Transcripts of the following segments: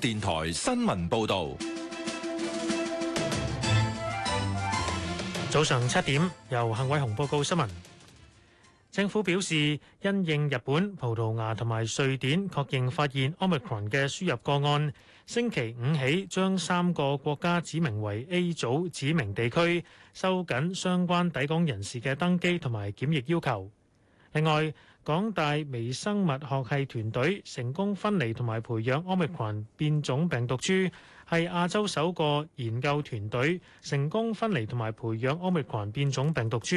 電台新聞報道：早上七點，由幸偉雄報告新聞。政府表示，因應日本、葡萄牙同埋瑞典確認發現 Omicron 嘅輸入個案，星期五起將三個國家指明為 A 組指明地區，收緊相關抵港人士嘅登機同埋檢疫要求。另外，港大微生物學系團隊成功分離同埋培養 Omicron 變種病毒株，係亞洲首個研究團隊成功分離同埋培養 Omicron 變種病毒株，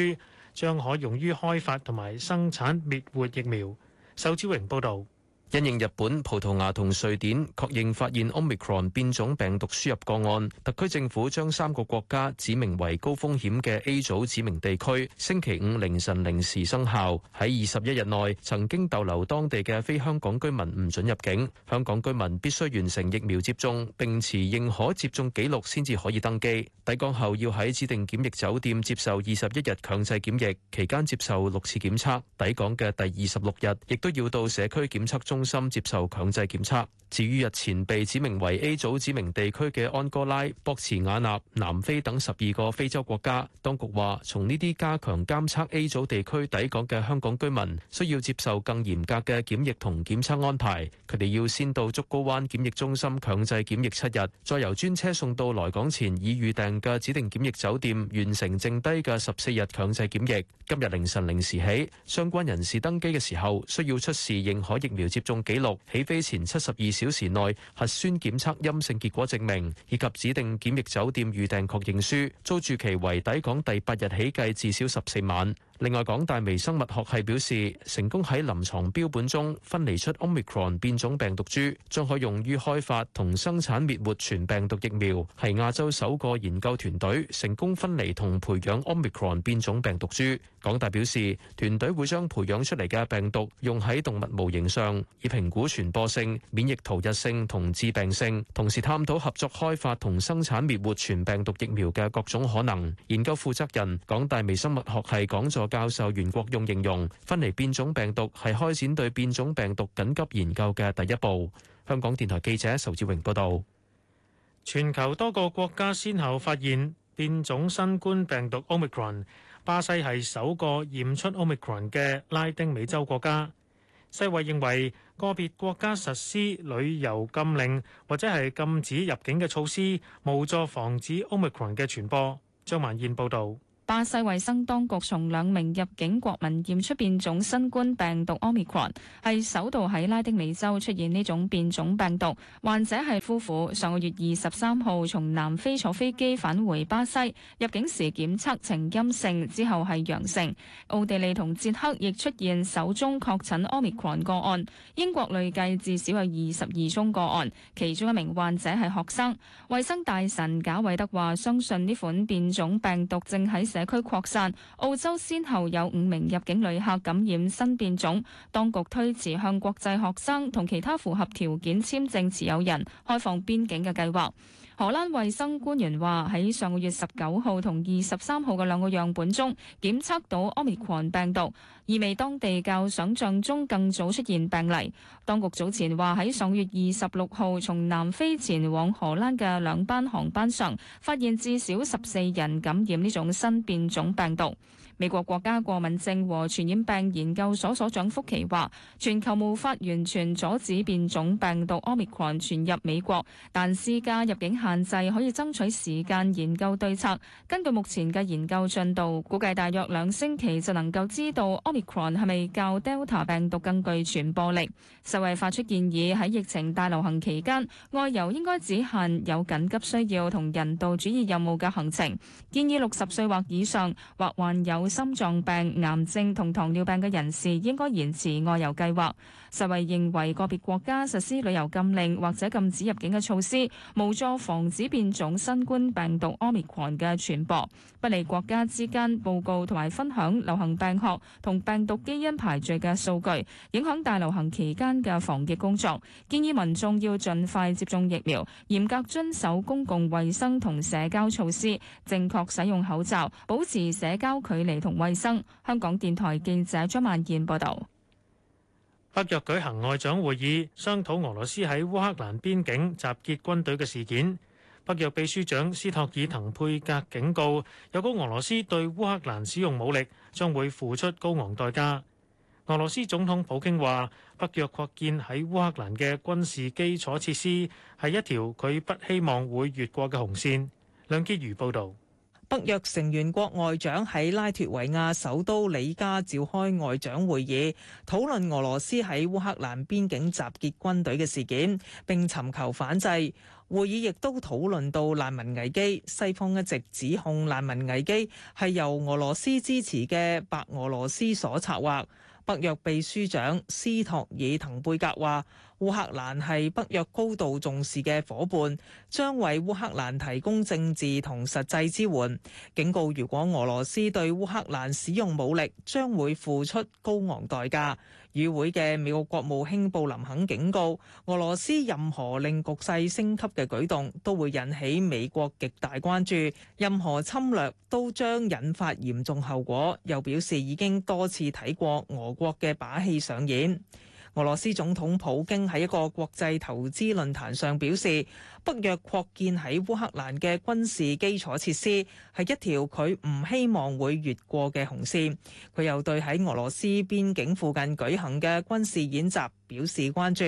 將可用於開發同埋生產滅活疫苗。仇子榮報道。因應日本、葡萄牙同瑞典確認發現 Omicron 變種病毒輸入個案，特區政府將三個國家指明為高風險嘅 A 組指明地區，星期五凌晨零時生效。喺二十一日內曾經逗留當地嘅非香港居民唔准入境，香港居民必須完成疫苗接種並持認可接種記錄先至可以登機。抵港後要喺指定檢疫酒店接受二十一日強制檢疫，期間接受六次檢測。抵港嘅第二十六日，亦都要到社區檢測中。心接受強制檢測。至於日前被指明為 A 組指明地區嘅安哥拉、博茨瓦納、南非等十二個非洲國家，當局話從呢啲加強監測 A 組地區抵港嘅香港居民，需要接受更嚴格嘅檢疫同檢測安排。佢哋要先到竹篙灣檢疫中心強制檢疫七日，再由專車送到來港前已預訂嘅指定檢疫酒店，完成剩低嘅十四日強制檢疫。今日凌晨零時起，相關人士登機嘅時候，需要出示認可疫苗接種。記錄起飛前七十二小時內核酸檢測陰性結果證明，以及指定檢疫酒店預訂確認書，租住期為抵港第八日起計至少十四晚。另外，港大微生物學系表示，成功喺臨床標本中分離出 omicron 變種病毒株，將可用於開發同生產滅活全病毒疫苗，係亞洲首個研究團隊成功分離同培養 omicron 變種病毒株。港大表示，團隊會將培養出嚟嘅病毒用喺動物模型上，以評估傳播性、免疫逃逸性同致病性，同時探討合作開發同生產滅活全病毒疫苗嘅各種可能。研究負責人港大微生物學系講座教授袁國勇形容分離變種病毒係開展對變種病毒緊急研究嘅第一步。香港電台記者仇志榮報道。全球多個國家先後發現變種新冠病毒 Omicron，巴西係首個驗出 Omicron 嘅拉丁美洲國家。世衛認為個別國家實施旅遊禁令或者係禁止入境嘅措施，無助防止 Omicron 嘅傳播。張曼燕報道。巴西衛生當局從兩名入境國民驗出變種新冠病毒 Omicron 係首度喺拉丁美洲出現呢種變種病毒。患者係夫婦，上個月二十三號從南非坐飛機返回巴西，入境時檢測呈陰性，之後係陽性。奧地利同捷克亦出現首宗確診 Omicron 個案，英國累計至少有二十二宗個案，其中一名患者係學生。衛生大臣賈偉德話：相信呢款變種病毒正喺社。區擴散，澳洲先後有五名入境旅客感染新變種，當局推遲向國際學生同其他符合條件簽證持有人開放邊境嘅計劃。荷蘭衛生官員話：喺上個月十九號同二十三號嘅兩個樣本中，檢測到 Omicron 病毒，意味當地較想像中更早出現病例。當局早前話喺上月二十六號從南非前往荷蘭嘅兩班航班上，發現至少十四人感染呢種新變種病毒。美國國家過敏症和傳染病研究所所長福奇話：全球無法完全阻止變種病毒 Omicron 傳入美國，但施加入境限制可以爭取時間研究對策。根據目前嘅研究進度，估計大約兩星期就能夠知道 Omicron 係咪較 Delta 病毒更具傳播力。世衛發出建議，喺疫情大流行期間，外遊應該只限有緊急需要同人道主義任務嘅行程。建議六十歲或以上或患有心臟病、癌症同糖尿病嘅人士應該延遲外遊計劃。世衛認為個別國家實施旅遊禁令或者禁止入境嘅措施，無助防止變種新冠病毒 Omicron 嘅傳播，不利國家之間報告同埋分享流行病學同病毒基因排序嘅數據，影響大流行期間嘅防疫工作。建議民眾要盡快接種疫苗，嚴格遵守公共衛生同社交措施，正確使用口罩，保持社交距離。同衛生，香港電台記者張曼燕報道。北約舉行外長會議，商討俄羅斯喺烏克蘭邊境集結軍隊嘅事件。北約秘書長斯托爾滕佩格警告，若果俄羅斯對烏克蘭使用武力，將會付出高昂代價。俄羅斯總統普京話，北約擴建喺烏克蘭嘅軍事基礎設施係一條佢不希望會越過嘅紅線。梁潔如報道。北約成員國外長喺拉脫維亞首都里加召開外長會議，討論俄羅斯喺烏克蘭邊境集結軍隊嘅事件，並尋求反制。會議亦都討論到難民危機，西方一直指控難民危機係由俄羅斯支持嘅白俄羅斯所策劃。北約秘書長斯托爾滕貝格話：烏克蘭係北約高度重視嘅夥伴，將為烏克蘭提供政治同實際支援。警告：如果俄羅斯對烏克蘭使用武力，將會付出高昂代價。與會嘅美國國務卿布林肯警告，俄羅斯任何令局勢升級嘅舉動都會引起美國極大關注，任何侵略都將引發嚴重後果。又表示已經多次睇過俄國嘅把戲上演。俄羅斯總統普京喺一個國際投資論壇上表示，北約擴建喺烏克蘭嘅軍事基礎設施係一條佢唔希望會越過嘅紅線。佢又對喺俄羅斯邊境附近舉行嘅軍事演習表示關注，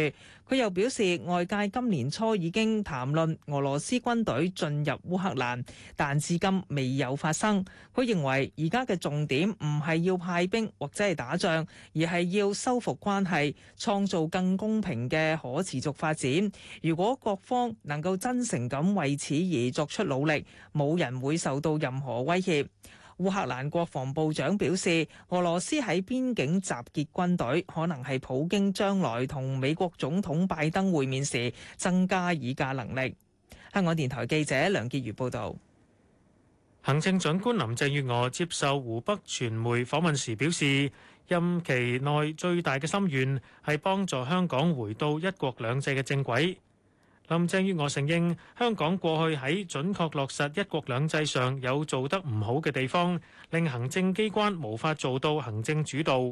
佢又表示外界今年初已經談論俄羅斯軍隊進入烏克蘭，但至今未有發生。佢認為而家嘅重點唔係要派兵或者係打仗，而係要修復關係，創造更公平嘅可持續發展。如果各方能夠真誠咁為此而作出努力，冇人會受到任何威脅。烏克蘭國防部長表示，俄羅斯喺邊境集結軍隊，可能係普京將來同美國總統拜登會面時增加議價能力。香港電台記者梁潔如報道。行政長官林鄭月娥接受湖北傳媒訪問時表示，任期內最大嘅心願係幫助香港回到一國兩制嘅正軌。林鄭月娥承認，香港過去喺準確落實一國兩制上有做得唔好嘅地方，令行政機關無法做到行政主導。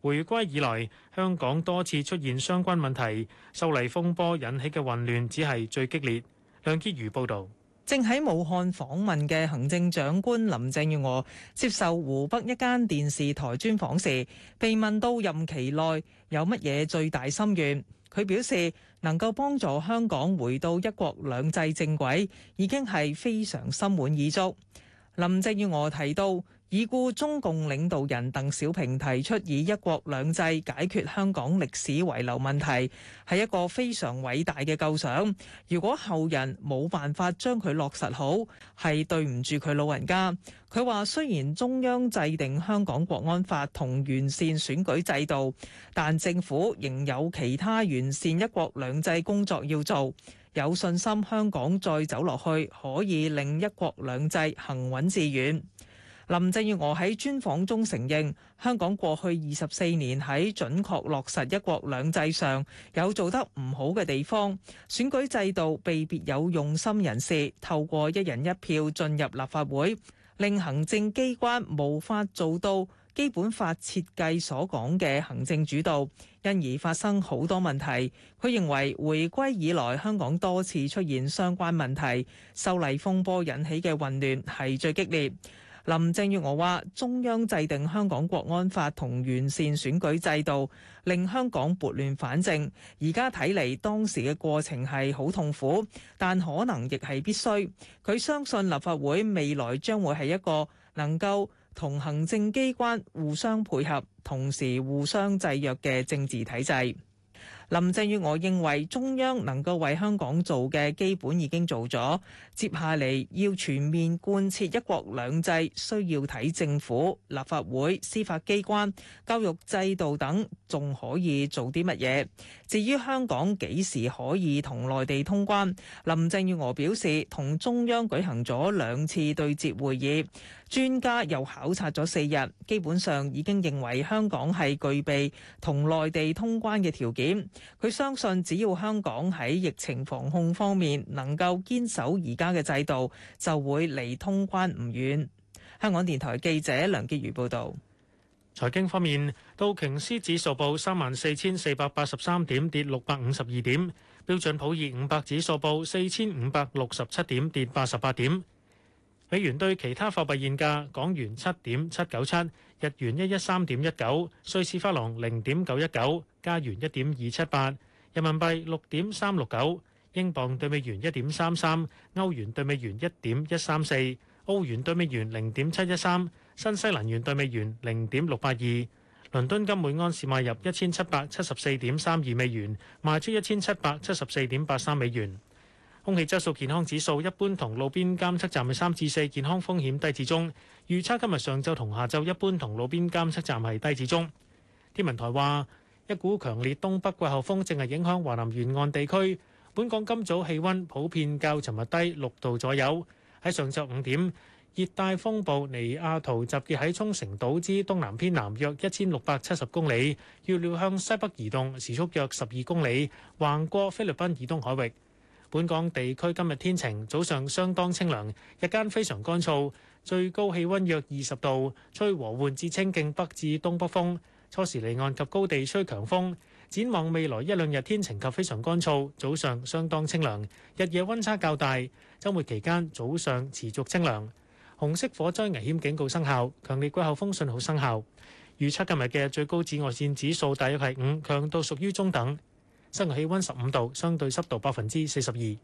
回歸以來，香港多次出現相關問題，修例風波引起嘅混亂只係最激烈。梁潔如報道，正喺武漢訪問嘅行政長官林鄭月娥接受湖北一間電視台專訪時，被問到任期內有乜嘢最大心願。佢表示能夠幫助香港回到一國兩制正軌，已經係非常心滿意足。林鄭月娥提到。已故中共領導人鄧小平提出以一國兩制解決香港歷史遺留問題，係一個非常偉大嘅構想。如果後人冇辦法將佢落實好，係對唔住佢老人家。佢話雖然中央制定香港國安法同完善選舉制度，但政府仍有其他完善一國兩制工作要做。有信心香港再走落去，可以令一國兩制行穩致遠。林鄭月娥喺專訪中承認，香港過去二十四年喺準確落實一國兩制上有做得唔好嘅地方。選舉制度被別有用心人士透過一人一票進入立法會，令行政機關無法做到基本法設計所講嘅行政主導，因而發生好多問題。佢認為，回歸以來香港多次出現相關問題，修例風波引起嘅混亂係最激烈。林鄭月娥話：中央制定香港國安法同完善選舉制度，令香港撥亂反正。而家睇嚟，當時嘅過程係好痛苦，但可能亦係必須。佢相信立法會未來將會係一個能夠同行政機關互相配合，同時互相制約嘅政治體制。林鄭月娥認為中央能夠為香港做嘅基本已經做咗，接下嚟要全面貫徹一國兩制，需要睇政府、立法會、司法機關、教育制度等，仲可以做啲乜嘢。至於香港幾時可以同內地通關，林鄭月娥表示，同中央舉行咗兩次對接會議，專家又考察咗四日，基本上已經認為香港係具備同內地通關嘅條件。佢相信，只要香港喺疫情防控方面能夠堅守而家嘅制度，就會離通關唔遠。香港電台記者梁潔如報道。財經方面，道瓊斯指數報三萬四千四百八十三點，跌六百五十二點，標準普爾五百指數報四千五百六十七點，跌八十八點，美元兌其他貨幣現價，港元七點七九七，日元一一三點一九，瑞士法郎零點九一九。加元一點二七八，8，人民幣六點三六九，英鎊對美元一點三三，歐元對美元一點一三四，歐元對美元零點七一三，新西蘭元對美元零點六八二。倫敦金每盎司買入一千七百七十四點三二美元，賣出一千七百七十四點八三美元。空氣質素健康指數一般，同路邊監測站係三至四，健康風險低至中。預測今日上晝同下晝一般同路邊監測站係低至中。天文台話。一股強烈東北季候風正係影響華南沿岸地區，本港今早氣温普遍較尋日低六度左右。喺上晝五點，熱帶風暴尼亞圖集結喺沖繩島之東南偏南約一千六百七十公里，預料向西北移動，時速約十二公里，橫過菲律賓以東海域。本港地區今日天晴，早上相當清涼，日間非常乾燥，最高氣温約二十度，吹和緩至清勁北至東北風。初時離岸及高地吹強風，展望未來一兩日天晴及非常乾燥，早上相當清涼，日夜温差較大。週末期間早上持續清涼。紅色火災危險警告生效，強烈季候風信號生效。預測今日嘅最高紫外線指數大約係五，強度屬於中等。現時氣温十五度，相對濕度百分之四十二。